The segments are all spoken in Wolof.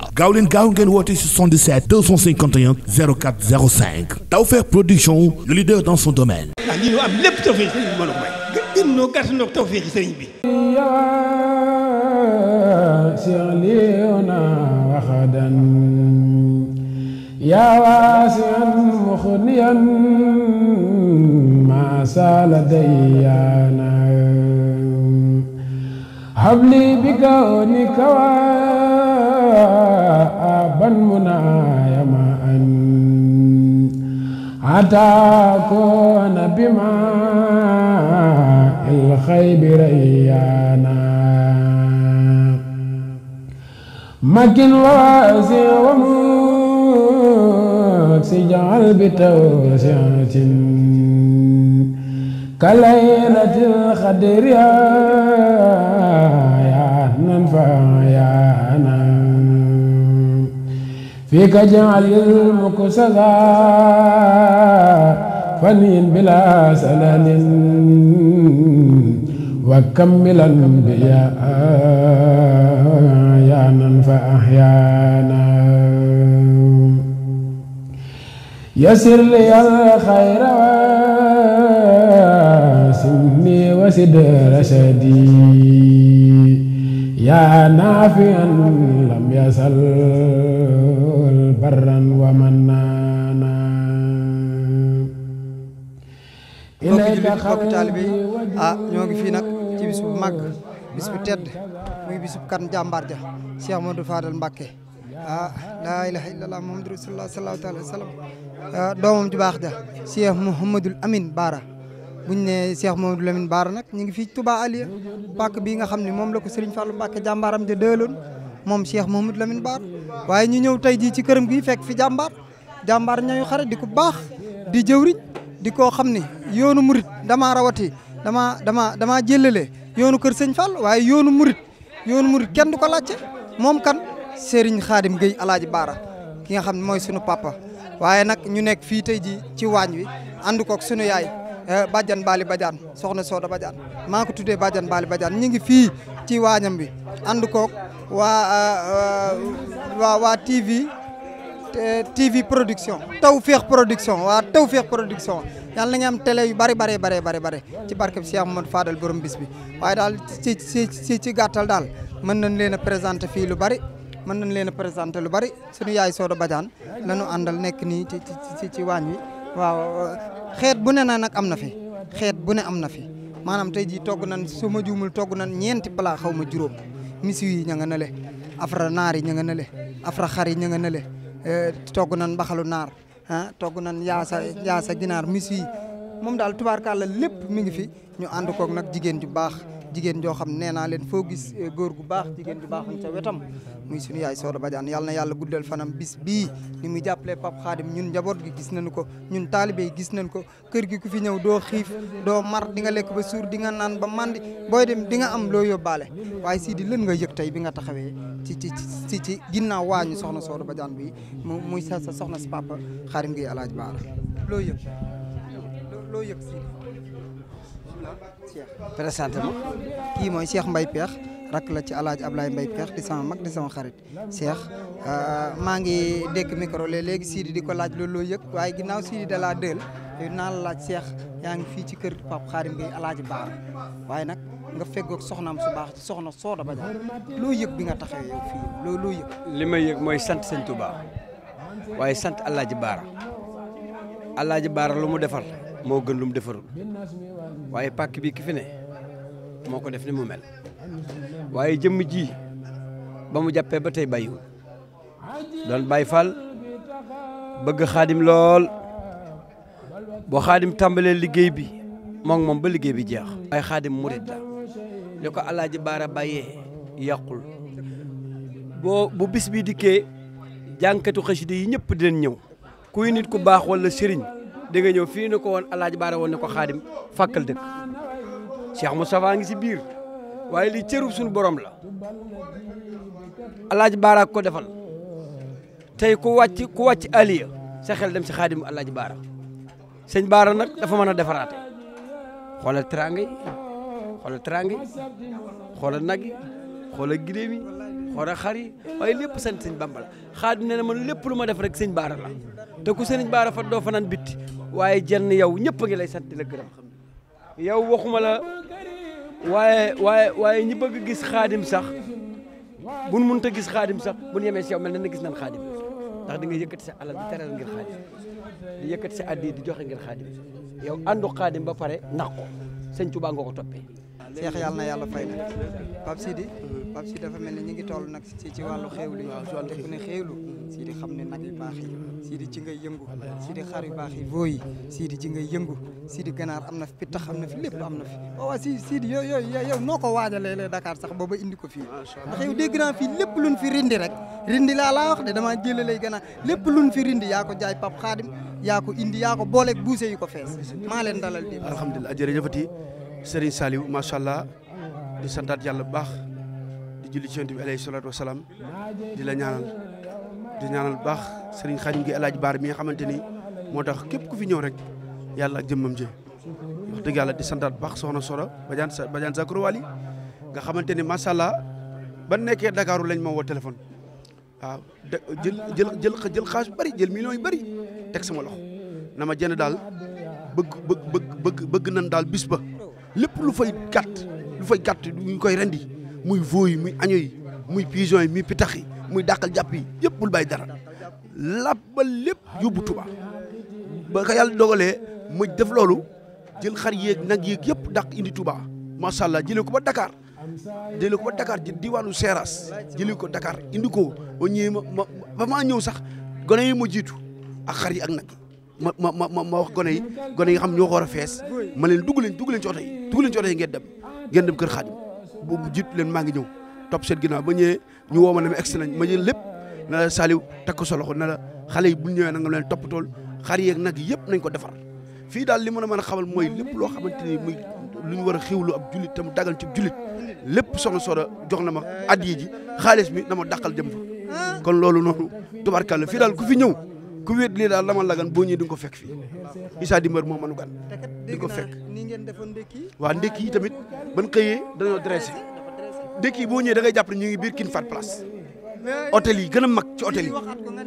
waaw gaaw leen gaaw ngeen woote 77 251 04 05 Tawfekh Production le leader dans son domaine. ah lii ñu am lépp tawfeex sëriñ bi mën a may. gën noo gàtt noo tawfeex sëriñ bi. yaa waasi'an mughniyan maa saala dayyaana habli bi kawnika حتى أكون بماء الخيب ريانا مكن واسع وموكس اجعل بتوسعة كليلة الخدر يا ننفع fii ka jaal yal muqtada faniin bilaa sanaanin wa kammil anbiyaa yaanan fa ahyaana yasir li al xayra wa sinni wa sid rashadi yaa naafian lam yasal barran wa mannaana mbokki jullit mbokki taalibe yi ah ñoo ngi fii nag ci bis bu màgg bis bu tedd muy bis bu kan jàmbaar ja Cheikh Modou Fadal Mbacké ah laa ilaha illallah muhammadu rasulullah sallallahu alayhi wa sallam ah, doomam ju baax ja Cheikh Mouhamadoul Amine Bara buñ ne Cheikh Mamadou Lamine Bara nag ñu ngi fii Touba Aliya pàkk bii nga xam ne moom la ko Serigne Fallou Mbacke jàmbaaram ja dëloon moom Cheikh Mamadou Lamine Bara waaye ñu ñëw tey jii ci këram gi fekk fi jàmbaar jàmbaar ñañu xare di ko baax di jëwriñ di koo xam ni yoonu murit damaa rawati dama damaa damaa jëlale yoonu kër sëñ Fall waaye yoonu murit yoonu murit kenn du ko laajte moom kan Serigne Khadim Gueye Alaaji Baara ki nga xam ne mooy sunu papa waaye nag ñu nekk fii tey ji ci waañ wi ànd kook sunu yaay Eh, Badiane Bali Badiane soxna Sooda Badiane maa ko tuddee Badiane Bali Badiane ñu ngi fii ci waañam bi ànd koog waa eh, eh, waa waa TV TV production Tawfekh production waa Tawfekh production yàlla na nga am télé yu bari bari bari bari bari ci barke bi Cheikh Mamadou Fadal borom bis bi waaye daal ci ci ci ci gàttal daal mën nañ leen a présenter fii lu bari mën nañ leen a lu bari suñu yaay Sooda Badiane lañu àndal nekk nii ci ci waañ wi xeet bu ne na nag am na fi xeet bu ne am na fi maanaam tey jii togg nan su ma juumul togg nan ñeenti plat xaw ma juróom misiw yi ña nga nale afra naar yi ña nga nale afra xar yi ña nga nale eh, togg nan mbaxalu naar ah togg nan yaasa yaasa ginaar misiw yi moom daal tubaarkàlla lépp mi ngi fi ñu ànd koog nag jigéen ju baax jigéen joo xam nee naa leen foo gis eh, góor gu baax jigéen ju baaxam ca wetam muy suñu yaay Soda Badiane yàlla na yàlla guddal fanam bis bii ni muy jàppalee Pape Khadim ñun njaboot gi gis nañu ko ñun taalibe yi gis nañu ko kër gi ku fi ñëw doo xiif doo mar di nga lekk ba suur di nga naan ba mandi booy dem di nga am loo yóbbaale waaye Sidi lën nga yëg tey bi nga taxawee ci ci ci ci ginnaaw waañu soxna Soda Badiane bi mu muy sa sa soxna si Papa Khadim Gueye Alaaji Baara loo yëg présenté ma kii mooy seex mbay Peex rak la ci alaaji Ablaye Mbaye Peex di sama mag di sama xarit Cheikh euh, maa ngi dégg micro léegi Sidi di ko laaj loolu yëg waaye ginnaaw Sidi da laa dël euh, naa laaj Cheikh yaa ngi fii ci kër Pape bi alaaji Baar waaye nag nga soxnaam su baax soxna Sooda Badiane loo yëg bi nga taxawee fii loo yëg. li may yëg mooy sant sëñ Touba waaye sant alaaji Baar alaaji Baar lu mu defal. moo gën lu mu defarul waaye pàkk bi ki moo ko def ni mu mel waaye jëmm ji ba mu jàppee ba tey bàyyiwul doon Baay Faal bëgg xaadim lool boo xaadim tàmbalee liggéey bi moom moom ba liggéey bi jeex ay xaadim murit la ko alaaji baara bàyyee yàqul boo bu bis bi dikkee jànkatu xasida yi ñëpp dinañ ñëw kuy nit ku baax wala sëriñ da nga ñëw fii ni ko woon alaaj baara woon ne ko xaadim fàkkal dëkk Cheikh Moustapha ngi si biir waaye lii cërub suñu borom la alaaj baara ko defal tey ku wàcc ku wàcc aliya sa xel dem si xaadim alaaj baara sëñ baara nag dafa mën a defaraate xoolal teraanga yi xoolal teraanga yi nag yi xoolal gileem yi xoolal xar waaye lépp sant sëñ bamba la xaadim nee na man lépp lu ma def rek sëñ baara la te ku sëñ baara fa doo fanaan bitti waaye jenn yow ñëpp a ngi lay sant di la gërëm yow waxuma la waaye waaye waaye ñi bëgg gis xaadim sax buñ mënta gis xaadim sax buñ yemee si yow mel na ne gis nan xaadim ndax di nga yëkkati sa alal di teral ngir xaadim di yëkkati sa addi di joxe ngir xaadim yow àndu xaadim ba pare nax ko sëñ Tuubaa nga ko toppee seex yàlla na yàlla fay na Pape Sidi Pape Sidi dafa mel ne ñu ngi toll nag ci ci wàllu xéewlu yi te ku ne xéewlu Sidi xam ne nag yu baax yi Sidi ci ngay yëngu Sidi xar yu baax yi voo yi ci ngay yëngu Sidi ganaar am na fi pittax am na fi lépp am na fi waaw oh, si Sidi yooyu yooyu yow noo ko waajalee lee Dakar sax booba indi ko fi ndax yow dégg naa fii lépp luñ fi rindi rek rindi laa la wax de damaa jëlee lay ganaar lépp luñ fi rindi yaa ko jaay Pape Khadim yaa indi yaa ko booleeg buuse yi ko fees maa leen dalal dé alhamdulilah jërëjëfati Serigne Saliou macha allah di santaat yàlla bu baax di julli ci yonent bi alayhi salaatu di la ñaanal di ñaanal bu baax Serigne Khadim gi El Hadj Baar mi nga xamante ni moo tax képp ku fi ñëw rek yàlla ak jëmmam ji wax yàlla di santaat bu baax soxna Sora Badiane sa Badiane Zakro Wali nga xamante ni macha allah ban nekkee Dakaaru lañ ma woo téléphone waaw jël jël jël jël xaalis bu jël millions yu bari teg sama loxo na ma jënd daal bëgg bëgg bëgg bëgg bëgg nan daal bis ba. lépp lu fay gàtt lu fay gàtt ñu koy rendi muy veau yi muy agneau yi muy pigeon muy pitax yi muy dàqal jàpp yi yëpp bul bàyyi dara lépp yóbbu Tuuba ba ka yàlla dogalee ma def loolu jël xar yéeg nag yéeg yëpp dàq indi tuba macha allah jëlee ko ba Dakar jëlee ko ba Dakar ji diwaanu Seras jëlee ko Dakar indi ko ba ñëwee ma ma ba ñëw sax gone yi ma jiitu ak xar yi ak nag ma ma ma ma wax gone yi gone yi nga xam ñoo ko war a fees ma leen dugg leen dugg leen ci oto yi dugg leen ci oto yi ngeen dem ngeen dem kër xaadim boobu jiitu leen maa ngi ñëw topp seen ginnaaw ba ñëwee ñu woo ma ne ma egsi nañ ma jël lépp na la Saliou takk sa loxo na la xale yi bu ñëwee na nga leen toppatool xar yeeg nag yëpp nañ ko defar fii daal li mën a mën a xamal mooy lépp loo xamante ni muy lu ñu war a xiwlu ab jullit tam dagal ci jullit lépp soxna Soda jox na ma addiya ji xaalis mi na ma dàqal jëm fa ah. kon loolu noonu tubarkàlla fii daal ku fi ñëw ku wéet lii daal dama lagan boo ñëwee di nga ko fekk fii Issa Dimbar moo mënu gan di nga fekk waaw ndékki yi tamit ban xëyee dañoo dressé ndékki boo ñëwee da ngay jàpp ne ñu ngi biir kin fat place hôtel yi gën a mag ci hôtel yi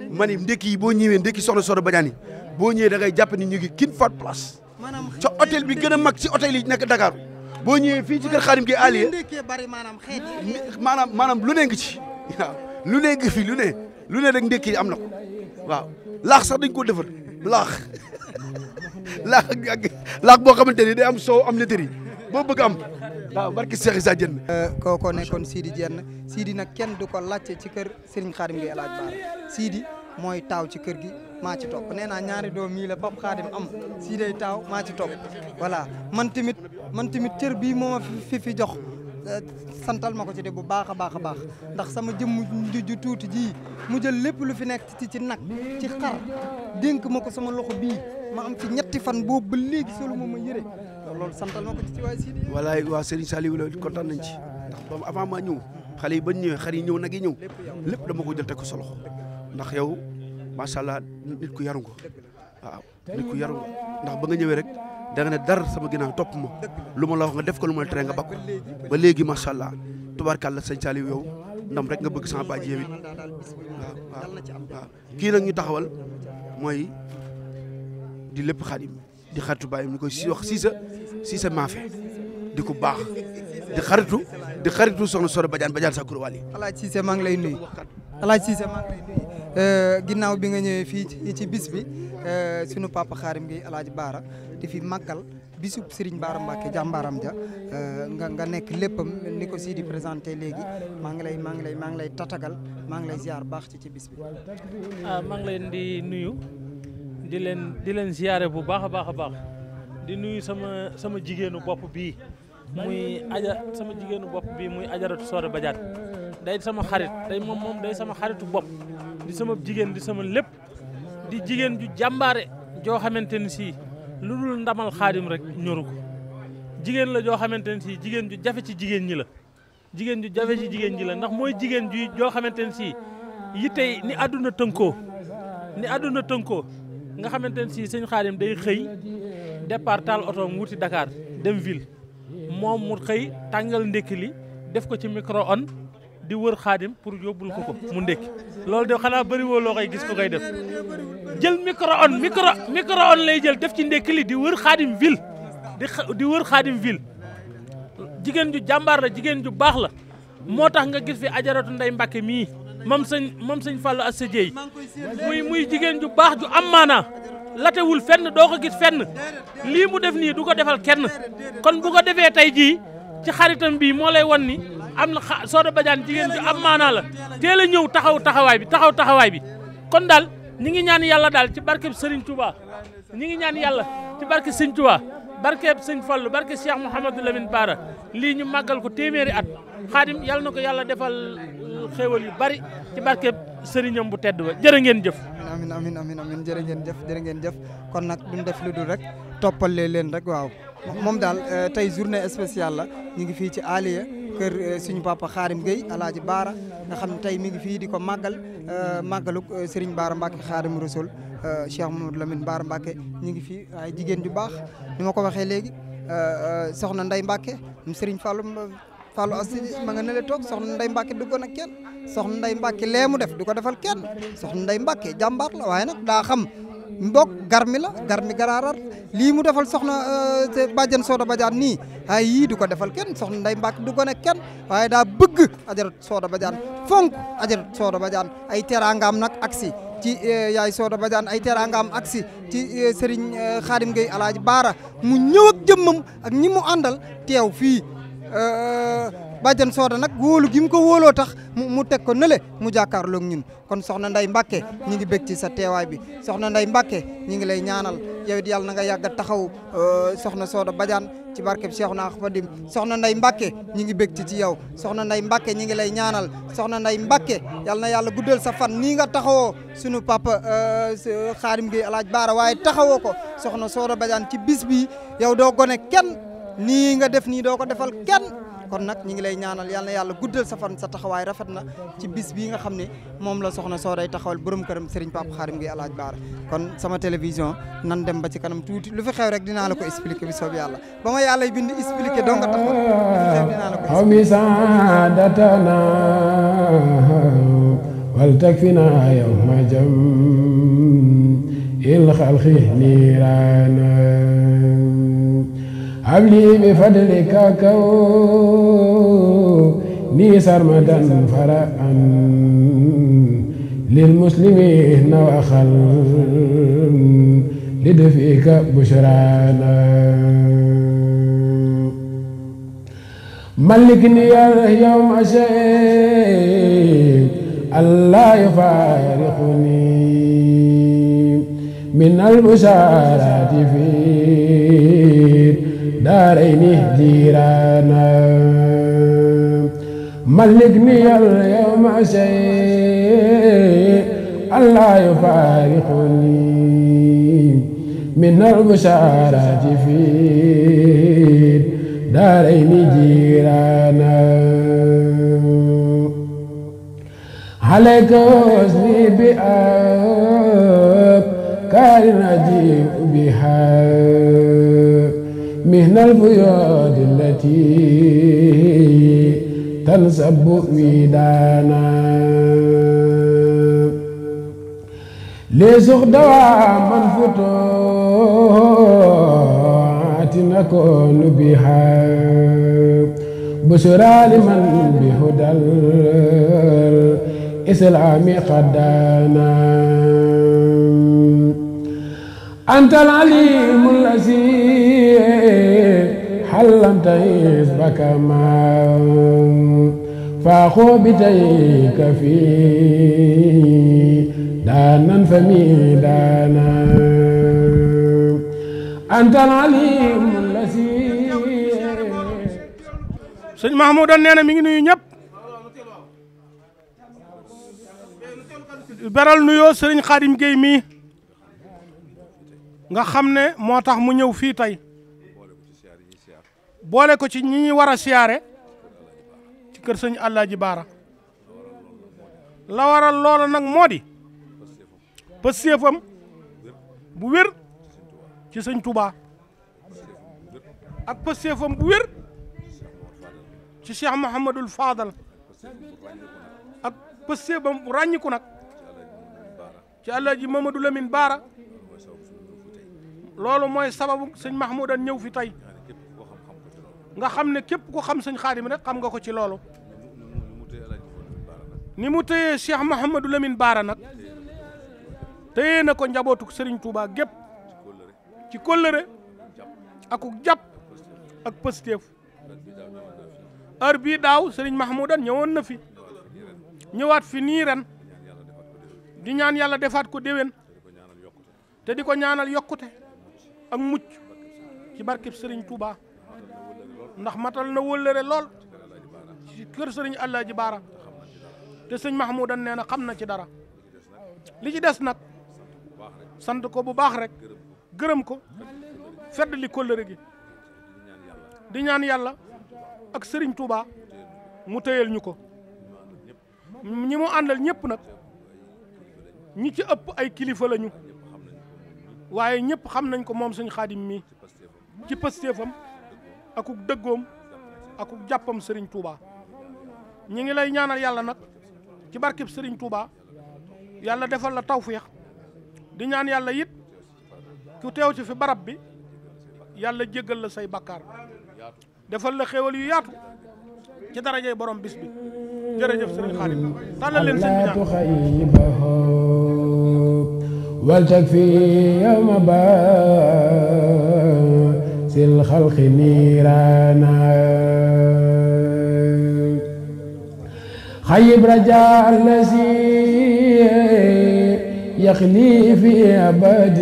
ma ne ndékki yi boo ñëwee ndékki soxna soxna bañaan yi boo ñëwee da ngay jàpp ne ñu ngi kin fat place ca bi gën a mag ci hôtel yi nekk Dakar boo ñëwee fii ci kër xaarim gi allié maanaam maanaam lu ne ngi ci waaw lu ne ngi fi lu ne lu ne rek ndekki am na ko waaw laax sax dañ koo defar laax laax ak laax boo xamante ni day am soow am nettari boo bëgg am waaw barki Cheikh Issa Diène kookoo nekkoon Sidi Diène Sidi nag kenn du ko laajte ci kër Serigne Khadim Gueye El Hadj Baara mooy taaw ci kër gi maa ci topp nee naa ñaari doom yii la Pape Khadim am Sidi day taaw maa ci topp voilà man tamit man bii moo ma fi fi jox santal ma ko ci de bu baax a baax a baax ndax sama jëmm ju tuuti ji mu jël lépp lu fi nekk ci ci nag ci xar dénk ma ko sama loxo bii ma fi ñetti fan boobu ba léegi solu ma ma yëre loolu santal ma ko ci ci waay Sidi. walaay waa Serigne Saliou la kontaan nañ ci ndax boobu avant maa ñëw xale yi bañ ñëwee xar yi ñëw nag yi ñëw lépp dama ko jël teg ko sa loxo ndax yow macha allah nit ku yaru waaw nit ku yaru ndax ba nga ñëwee rek da ne dar sama ginnaaw topp ma lu ma la wax nga def ko lu ma la tere nga bakk ba léegi macha allah tubaarkàlla sëñ Saliou yow ndam rek nga bëgg sama baaji yow it waaw waaw kii nag ñu taxawal mooy di lépp xadim di xaritu bàyyam ñu koy si wax siisa siisa maafe di ko baax di xaritu di xaritu soxna Soro Badiane Badiane Sakkour Waly. Alaaji Siise maa ngi lay nuyu. Alaaj Cissé maa ngi lay nuyu euh, ginnaaw bi nga ñëwee fii ci bis bi euh, sunu papa xaarim gi Alaaj Baara di fi màggal bisub Serigne Baara Mbacke jàmbaaram ja euh, nga nga nekk léppam ni ko sii di présenté léegi maa ngi lay maa ngi lay maa ngi lay tatagal maa ngi lay ziar baax ci ci bis bi. ah maa ngi leen di nuyu di leen di leen ziare bu baax a baax a baax di nuyu sama sama jigéenu bopp bii muy aja sama jigéenu bopp bii muy ajaratu Soore Badiate. day sama xarit day moom moom day sama xaritu bopp di sama jigéen di sama lépp di jigéen ju jàmbaare joo xamante ni sii lu dul ndamal xaadim rek ñoru ko jigéen la joo xamante ne sii jigéen ju jafe ci jigéen ñi la jigéen ju jafe ci jigéen ñi la ndax mooy jigéen ju joo xamante ne sii yi tey ni àdduna tënkoo ni àdduna tënkoo nga xamante ne sii sëñ xaadim day xëy départ taal otoom wuti Dakar dem ville moom mu xëy tàngal ndékki li def ko ci micro-ondes di wër xaadim pour yóbbul ko ko mu ndékki loolu de xanaa bëri woo loo koy gis ko koy def jël micro on micro micro on lay jël def ci ndékki li di wër xaadim ville di di wër xaadim ville jigéen ju jàmbaar jigéen ju baax la moo tax nga gis fi ajaratu nday mbàkke mii moom sëñ moom sëñ fàllu ak sa jeey muy muy jigéen ju baax ju am maanaa latewul fenn doo ko gis fenn lii mu def nii du ko defal kenn kon bu ko defee tey jii ci xaritam bii moo lay won nii am na xa Soda Badiane jigéen ju am maanaa la teel a ñëw taxaw taxawaay bi taxaw taxawaay bi kon daal ñi ngi ñaan yàlla daal ci barkeb Serigne Touba ñi ngi ñaan yàlla ci barke Serigne Touba barkeb Serigne Fallou barke Cheikh Mouhamadou Lamine Bara lii ñu màggal ko téeméeri at xaadim yàlla na ko yàlla defal xéewal yu bari ci barkeb sëriñam bu tedd ba jërë ngeen jëf amin amin amin amin jërë ngeen jëf jërë ngeen jëf kon nag duñ def lu dul rek toppale leen rek waaw moom daal euh, tey journée spéciale la ñu ngi fii ci Aliya kër eh, suñu papa Xaadim Gueye alaaji Baara nga xam ne tey mi ngi fii di ko màggal eh, màggaluk eh, Serigne Baara Mbacke Xaadim Rasul Cheikh Mamadou Lamine Baara Mbacke ñu ngi fii ay jigéen ju baax ni ma ko waxee léegi soxna Ndeye Mbacke Serigne Fallou Fallou Assi ma nga nële toog soxna Ndeye Mbacke duggoon ak kenn soxna Ndeye Mbacke lee mu def du ko defal kenn soxna Ndeye Mbacke jàmbaar la waaye nag daa mbokk garmi la garmi garaarar lii mu defal soxna euh, bàjjan Sooda Badiane nii ay yii du ko defal kenn soxna Ndeye Mbacke du ko ne kenn waaye daa bëgg ajaratu Sooda Badiane fonk ajaratu Sooda Badiane ay teraangaam nag aksi ci euh, yaay Sooda Badiane ay teraangaam aksi ci euh, Serigne Khadim Gueye Alaaji Baara mu ñëw ak jëmmam ak ñi mu àndal teew fii bàjjan sooda nag wóolu gi mu ko wóoloo tax mu teg ko nële mu jàkkaarloog ñun kon soxna nday Mbacke ñi ngi bég ci sa teewaay bi soxna nday Mbacke ñi ngi lay ñaanal yow it yàlla na nga yàgg a taxaw euh, soxna sooda badian ci barkeb Cheikh na Xadim soxna Ndeye Mbacke ñi ngi bég ci ci yow soxna Ndeye Mbacke ñi ngi lay ñaanal soxna Ndeye Mbacke yàlla na yàlla guddal sa fan nii nga taxawoo sunu papa xaarim gi alaaj baara waaye taxawoo ko soxna sooda badian ci bis bi yow doo gone kenn nii nga def nii doo ko defal kenn kon nag ñi ngi lay ñaanal yal yàlla guddal sa sa taxawaay rafet na ci bis bii nga xam ne moom la soxna soo day taxawal borom këram Serigne Pape Xaarim gi alaaj baar kon sama télévision nan dem ba ci kanam tuuti lu fi xew rek dinaa la ko expliquer bi soob yàlla ba ma yàlla bind expliquer dong nga taxawal dinaa la ko expliquer ولتكفنا يوم جم الخلق نيرانا هب لي بفضلك كوني سرمدا فرحا للمسلمين وأخل لدفئك بشرانا ملكني يا يوم أشيء الله يفارقني من البشارات فيه daarayni jiiraana ملكني اليوم شيء ألا يفارقني من البشارات في دارين جيرانا عليك وزني بأب كان أجيب بها مهن البيوت التي تنسب ويدانا ليسوق دواما فتوات نكون بها بشرى لمن بهدى الإسلام قدانا أنت العليم الذي حلمت حزبك ما فأخو بتيك فيه دانا فميدانا أنت العليم الذي sëñ Mahmouda nee na mi ngi nuyu ñëpp beral nuyoo sëriñ Xaadim Géey mii nga xam ne moo tax mu ñëw fii tey boole ko ci ñi ñuy war a siyaare ci kër sëñ Alaaji Baara la waral loola nag moo di pëstéefam bu wér ci sëñ Touba ak pëstéefam bu wér ci Cheikh Mouhamadul Fadal ak pëstéefam bu ràññiku nag ci Alaaji Mamadou Lamine Baara loolu mooy sababu sëñ Mahmoudan ñëw fi tey nga xam ne képp ku xam sëñ Xaadim rek xam nga ko ci loolu ni mu téyee Cheikh Mouhamadou Lamine Baara nag téyee na ko njabootu sëriñ Touba gépp ci kóllëre akuk jàpp ak pësteef ar bii daaw Serigne Mahmoudan ñëwoon na fi ñëwaat fi nii ren di ñaan yàlla defaat ko déwén te di ko ñaanal yokkute ak mucc ci barkeb sëriñ Touba ndax matal na wëllëre lool ci kër sëriñ Alaaji Baara te sëñ Mahmoudan nee na xam na ci dara li ci des nag sant ko bu baax rek gërëm ko fedd li kóllëre gi di ñaan yàlla ak sëriñ Touba mu téyel ñu ko ñi mu àndal ñëpp nag ñi ci ëpp ay kilifa lañu waaye ñëpp xam nañ ko moom sëñ xaadim mi ci pastéefam akuk dëggoom akuk jàppam sëriñ Touba ñi ngi lay ñaanal yàlla nag ci barkeb sëriñ Touba yàlla defal la tawféex di ñaan yàlla it ku teew ci fi barab bi yàlla jéggal la say bakkaar defal la xéewal yu yaatu ci darajay borom bis bi jërëjëf sëriñ xaadim tàllal leen sëñ ñaan ولتكفي يوم باس الخلق نيرانا خيب رجاء الذي يخلي في أبد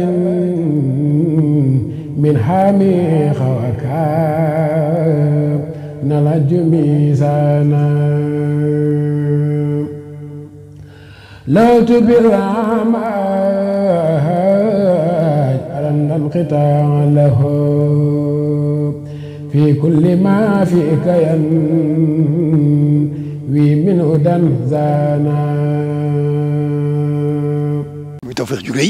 من حامي خواكب نلج ميزانا لو تبر العمل القطاع له في كل ما فيك ينوي من أدن زانا muy tawfeex ju rëy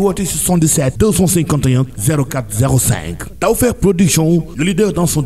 woote 77 251 04 05 Tawfekh Production le